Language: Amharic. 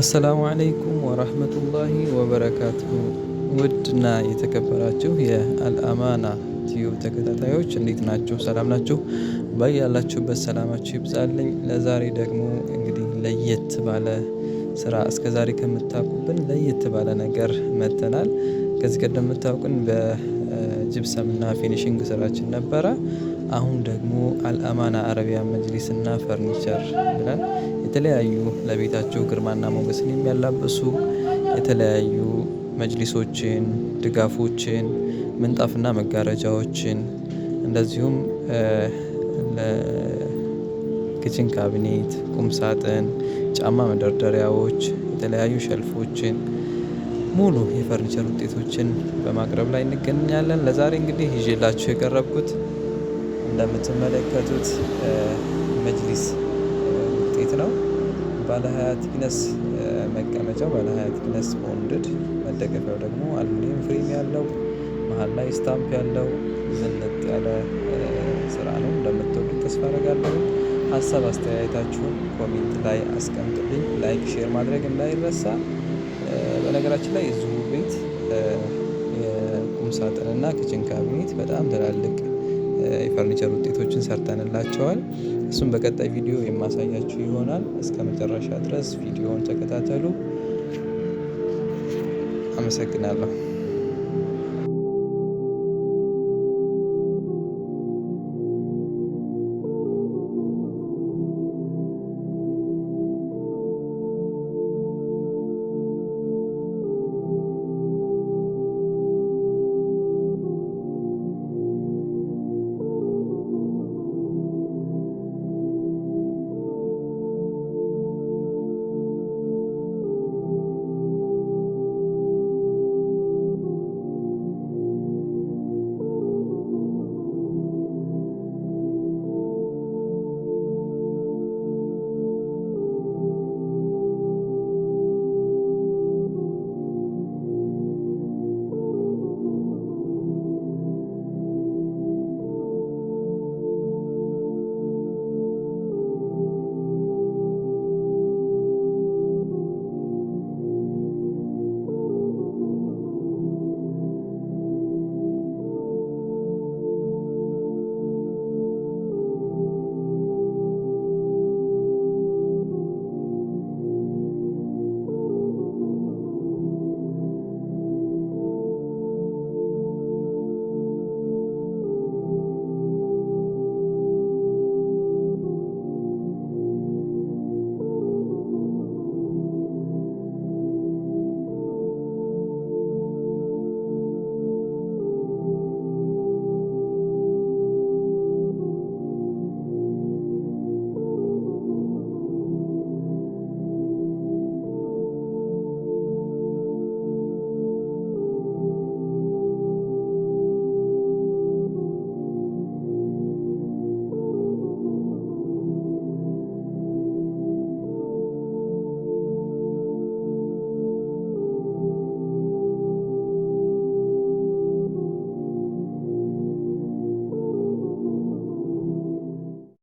አሰላሙ አለይኩም ወራህመቱላሂ ወበረካቱሁ። ውድና የተከበራችሁ የአልአማና ቲዩብ ተከታታዮች እንዴት ናችሁ? ሰላም ናችሁ? በያላችሁበት ሰላማችሁ ይብዛልኝ። ለዛሬ ደግሞ እንግዲህ ለየት ባለ ስራ እስከ ዛሬ ከምታውቁብን ለየት ባለ ነገር መጥተናል። ከዚህ ቀደም የምታውቁን በጅብሰምና ፊኒሽንግ ስራችን ነበረ። አሁን ደግሞ አልአማና አረቢያ እና ፈርኒቸር ብለን የተለያዩ ለቤታቸው ግርማና ሞገስን የሚያላብሱ የተለያዩ መጅሊሶችን ድጋፎችን ምንጣፍና መጋረጃዎችን እንደዚሁም ለክችን ካቢኔት ቁም ሳጥን ጫማ መደርደሪያዎች የተለያዩ ሸልፎችን ሙሉ የፈርኒቸር ውጤቶችን በማቅረብ ላይ እንገኛለን። ለዛሬ እንግዲህ ይዤላችሁ የቀረብኩት እንደምትመለከቱት መጅሊስ ውጤት ነው። ባለሀያ ቲክነስ መቀመጫው ባለሀያ ቲክነስ ቦንድድ፣ መደገፊያው ደግሞ አሉሚኒየም ፍሬም ያለው መሀል ላይ ስታምፕ ያለው ዝንጥ ያለ ስራ ነው። እንደምትወዱ ተስፋ አደርጋለሁ። ሀሳብ አስተያየታችሁን ኮሜንት ላይ አስቀምጡልኝ። ላይክ፣ ሼር ማድረግ እንዳይረሳ። በነገራችን ላይ እዚሁ ቤት የቁም ሳጥንና ክችን ካቢኔት በጣም ትላልቅ የፈርኒቸር ውጤቶችን ሰርተንላቸዋል። እሱም በቀጣይ ቪዲዮ የማሳያችሁ ይሆናል። እስከ መጨረሻ ድረስ ቪዲዮውን ተከታተሉ። አመሰግናለሁ።